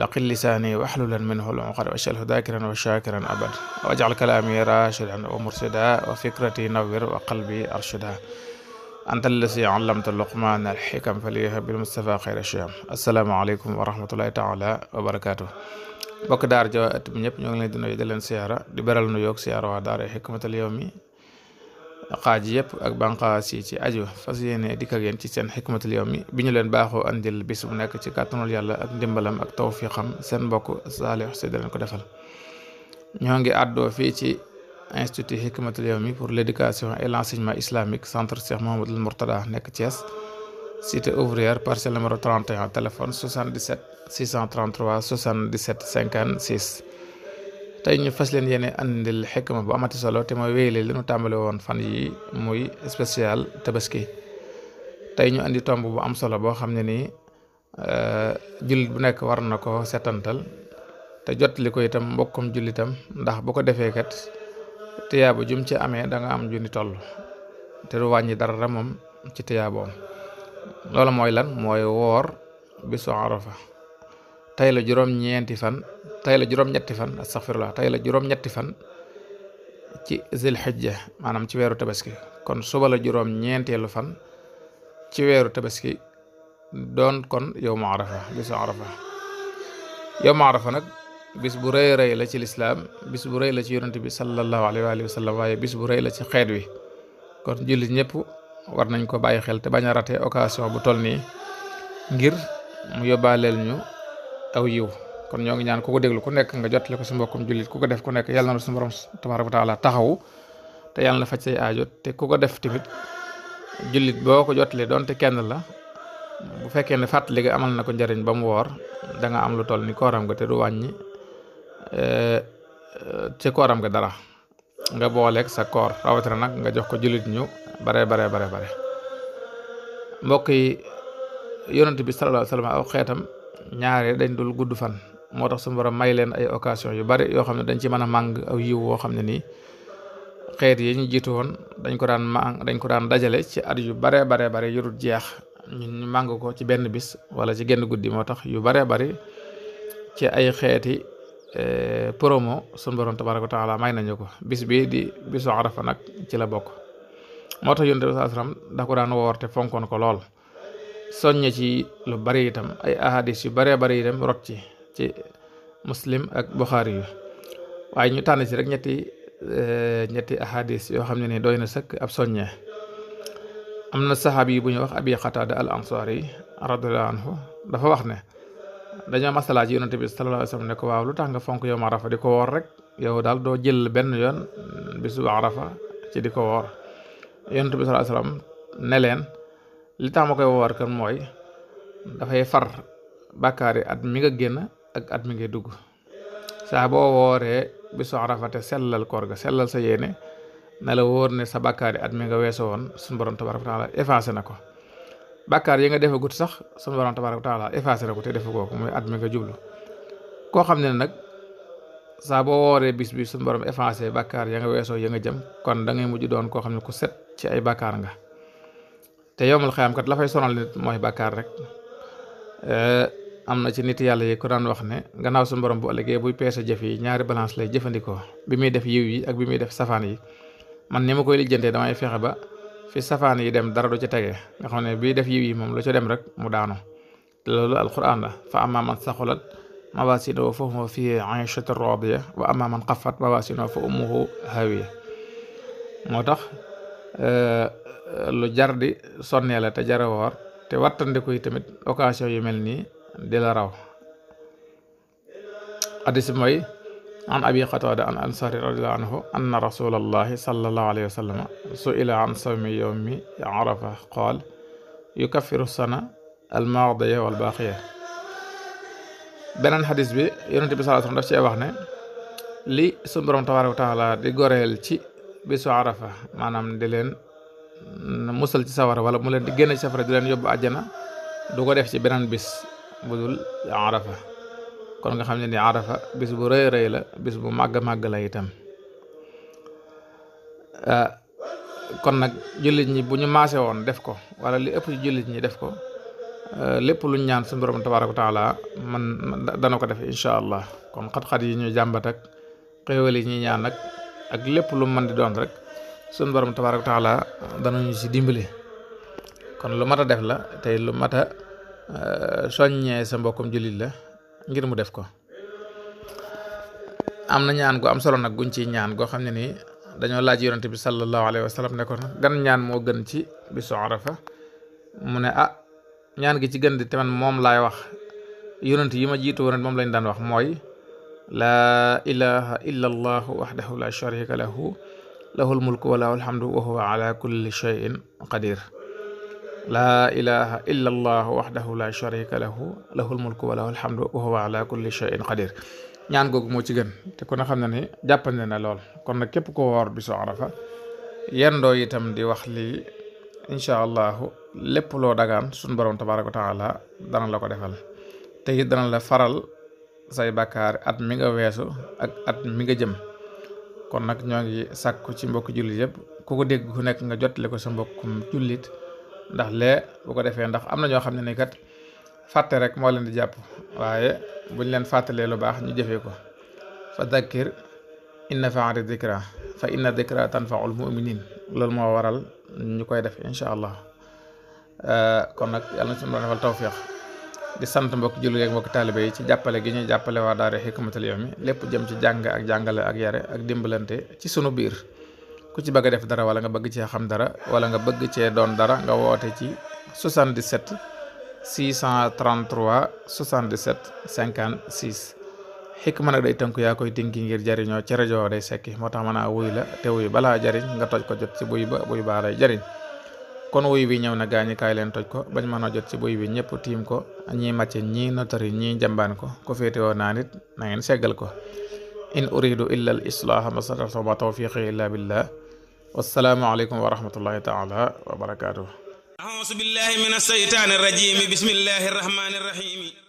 laqil lisaani waxlulan minhu al-uqad waj'alhu dhaakiran wa shaakiran abad waj'al kalaami raashidan wa murshidan wa fikrati nawwir wa qalbi arshida anta allazi 'allamta luqmaana al-hikam falyahab bil mustafa khayra shiyam assalaamu aleykum wa rahmatullahi taala wa barakaatu bokk daara jawaat bi ñëpp ñoo ngi leen di nuyu di leen siyaara di beral nu yoog siyaara waa daara Hikmatul Yawmi xaaj yëpp ak banqaas yi ci aju fas yéene dikk ak ci seen xikmatul mi bi ñu leen baaxoo andil bis bu nekk ci kàttanul yàlla ak ndimbalam ak tawfiqam seen mbokk Saliou Sy da leen ko defal ñoo ngi àddoo fii ci institut xikmatul mi pour l'éducation et l'enseignement islamique centre Cheikh Mouhamadoul Mourtada nekk Thiès cité ouvrière parcelle numéro 31 téléphone 77 633 77 tey ñu fas leen yéene andil ma bu amati solo te mooy wéyale li ñu tàmbale woon fan yi muy special tabaski tey ñu andi tomb bu am solo boo xam ne nii eh, jullit bu nekk war na ko setantal te jotli ko itam mbokkum jullitam ndax bu ko defee kat tiyaaba jum ci amee da nga am junni toll te du wàññi dara moom ci tiyaaboom loolu mooy lan mooy woor bisu Arafa tey la juróom-ñeenti fan tey la juróom-ñetti fan astaghfirullah tey la juróom-ñetti fan ci zilxijja maanaam ci weeru tabaski kon suba la juróom-ñeenteelu fan ci weeru tabaski doon kon yow mu arafa bisu arafa yow mu nag bis bu rëy rëy la ci lislaam bis bu rëy la ci yonent bi sallallahu alayhi wa sallam waaye bis bu rëy la ci xeet wi kon jullit ñëpp war nañ ko bàyyi xel te bañ a rate occasion bu toll nii ngir mu yóbbaaleel ñu aw yiw kon ñoo ngi ñaan ku ko déglu ku nekk nga jottali ko sa jullit ku ko def ku nekk yàlla na suñu borom tabaaraka wa taala taxawu te yàlla na faj say aajo te ku ko def tamit jullit boo ko jottalee doonte kenn la bu fekkee ne fàttali nga amal na ko njariñ ba mu woor danga am lu toll ni kooram nga te du wàññi eh, ci kooram nga dara nga booleeg sa koor rawatina nag nga jox ko jullit ñu bare bare bare bare mbokk yi bi sallallahu alayhi wa aw xeetam ñaare dañ dul gudd fan moo tax suñu borom may leen ay occasion yu bari yoo xam ne dañ ci mën a màng aw yiw woo xam ne nii xeet yi ñu jiitu woon dañ ko daan màng dañ ko daan dajale ci at yu baree baree bare yu dul jeex ñu màng ko ci benn bis wala ci genn guddi moo tax yu baree bari ci ay xeeti e, promo suñu borom tabaaraka wa taala may nañu ko bis bii di bisu Arafa nag ci la bokk moo tax Yonent bi sallallahu alayhi wasallam da ko daan woor te fonkoon ko lool soññe ci lu bari itam ay ahadis yu baree bari itam rot ci ci muslim ak buxaari yu waaye ñu tànn ci rek ñetti eh, ñetti ahadis yoo xam ne nii doy na sëkk ab soññe am na saxaabi yi bu ñu wax abi xataada al ansari radiyallahu anhu dafa wax ne dañoo masalaa ci yonante bi sallallahu alayhi wasallam ne ko waaw lu tax nga fonk yow arafa di ko woor rek yow daal doo jël benn yoon bisu arafa ci di ko woor yonante bi sallallahu alayhi wasallam ne leen li tax ma koy woor kan mooy dafay far bàkkaari at mi nga génn ak at mi ngay dugg saa boo wooree bisu arafate sellal koor ga sellal sa yéene na la wóor sa bàkkaari at mi nga weeso woon suñu borom tabaraka wa taala effacé na ko bàkkaar yi nga defagut sax suñu borom tabaraka wa taala effacé na defu ko muy at mi nga jublu koo xam ne nag saa boo wooree bis bi suñu borom effacé bàkkaar ya nga weesoo ya nga jëm kon da ngay mujj doon koo xam ne ku set ci ay bàkkaar nga te yowmal xiyaam kat lafay fay sonal nit mooy bàkkaar rek eh, am na ci nit yàlla yi ko daan wax ne gannaaw suñu borom bu ëllëgee buy peese jëf yi ñaari balance lay jëfandikoo bi muy def yiw yi ak bi muy def safaan yi man ni ma koy lijjantee damay fexe ba fi safaan yi dem dara du ci tege nga xam ne bii def yiw yi moom lu ci dem rek mu daanu te loolu alquran la fa ma man saxulat mawaasinuhu fa huwa fi ayshatin raadiya man xafat mawaasinuhu fa ummuhu hawiya moo tax Eh, lu jar di sonnee la te jara te wattandiku yi tamit occasion yu mel nii di la raw hadis mooy an abi qatada an ansari radiallahu anhu anna suila an sawmi yowmi arafa qaal yukaffiru sana almaadiya walbaaqiya beneen xadis bi yonente bi sallallahu daf cee wax ne li sunu borom tabaaraka di goreel ci bisu arafa maanaam di leen mm, musal ci sawara wala mu leen di génn ci safara di leen yóbbu àjjana du ko def ci beneen bis bu dul arafa kon nga xam ne ni arafa bis bu rëy rëy la bis bu màgg màgg la itam euh, kon nag jullit ñi bu ñu maase woon def ko wala li ëpp ci jullit ñi def ko euh, lépp luñ ñaan suñu borom tabaaraka wa taala man dana ko def incha allah kon xat-xat yi ñu jàmbat ak yi ñuy ñaan ak ak lépp lu mën di doon rek suñu borom tabaaraka wa taala ñu si dimbali kon lu mata def la tey lu mat a euh, soññee sa mbokkum jullit la ngir mu def ko am na ñaan gu am solo nag guñ ci ñaan goo xam ne nii dañoo laaj yonante bi sallallahu alayhi wa sallam ne ko gan ñaan moo gën ci bisu Arafa mu ne ah ñaan gi ci gën di te man moom laay wax yonante yi ma jiitu woon moom lañ daan wax mooy laa ilaha illa allahu la sharika lahu lahul mulku wa lahul hamdu wa huwa ala kulli shay'in qadir illa allahu la sharika lahu lahul mulku wa lahul hamdu wa huwa ala kulli shay'in qadir ñaan googu moo ci gën te ku ne xam ne ni jàppande na lool kon nag képp ko woor bisu arafa yendoo itam di wax lii incha allahu lépp loo dagaan suñu borom tabaraka wa taala la ko defal te it dana la faral say bakkaar at mi nga weesu ak at mi nga jëm kon nag ñoo ngi sàkku ci mbokk jullit yëpp ku ko dégg ku nekk nga jottali ko sa mbokkum jullit ndax lee bu ko defee ndax am na ñoo xam ne ni kat fàtte rek moo leen di jàpp waaye buñ leen fàttalee lu baax ñu jëfee ko fa dakkir inna faati dikra fa inna dikra tanfaul muminin loolu moo waral ñu koy def incha allah kon nag yàlla na suñu doon defal di sant mbokk jullit ak mbokk taalibe yi ci jàppale gi ñuy jàppale waa daara Hikmatul Yawmi lépp jëm ci jàng ak jàngale ak yare ak dimbalante ci sunu biir ku ci bëgg a def dara wala nga bëgg cee xam dara wala nga bëgg cee doon dara nga woote ci 77 633 77 56 Hikma nag day tënku yaa koy tinki ngir jariñoo ci rajo day sekki moo tax mën a wuy la te wuy balaa jariñ nga toj ko jot ci buy ba buy baa lay jariñ kon wuy bi ñëw na gaañi kaay leen toj ko bañ mën a jot ci buy bi ñëpp tiim ko ñii màcce ñii notari ñii jàmbaan ko ko féetewoo naa nit na ngeen seggal ko in uridu illa al islaaha masarata ma tawfiqi illa billah wassalaamu aleykum wa rahmatullahi taala wa barakatuh billahi min alsheytaani arrajim bismillahi arrahmani arrahim